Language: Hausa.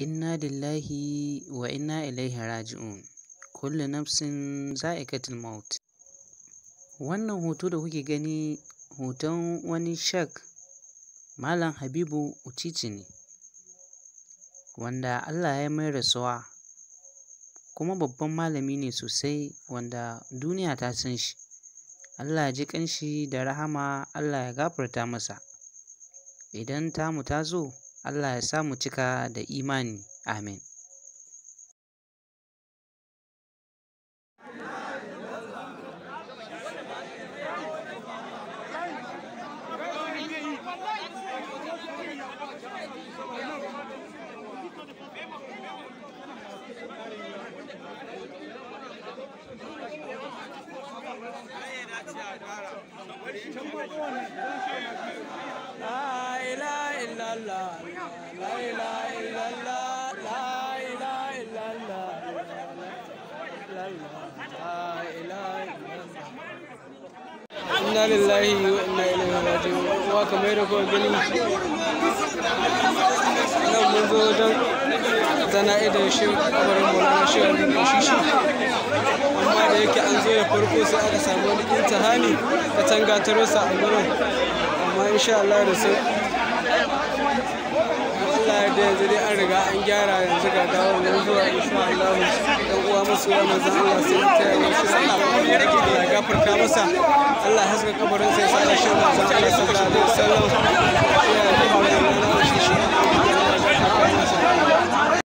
Inna lillahi wa inna ilaihi raji'un. Kullu nafsin za'iqatul maut. Wannan hoto da kuke gani hoton wani shak Malam Habibu Uchichi ne wanda Allah ya mai rasuwa kuma babban malami ne sosai wanda duniya ta san shi. Allah ya ji ƙanshi da rahama Allah ya gafarta masa. Idan tamu ta zo Allah ya samu cika da imani. Amin. illallah la ilaha illallah la ilaha illallah la ilaha illallah inna lillahi wa inna ilaihi raji'un wa kamar da kuma gani nan mun zo wajen zana idan shi kabarin mulana shi wani da shi shi amma da yake an zo ya farko sai aka samu wani intihani ta tanga ta rusa a gurin amma sha Allah da su Allah da yanzu dai an riga an gyara yanzu ga gawar nan zuwa insha Allah dan uwa musu wannan manzon Allah sai ta yi shi Allah ya rike da gafarta masa Allah haska kabarin sai sai shi manzon sallallahu alaihi wasallam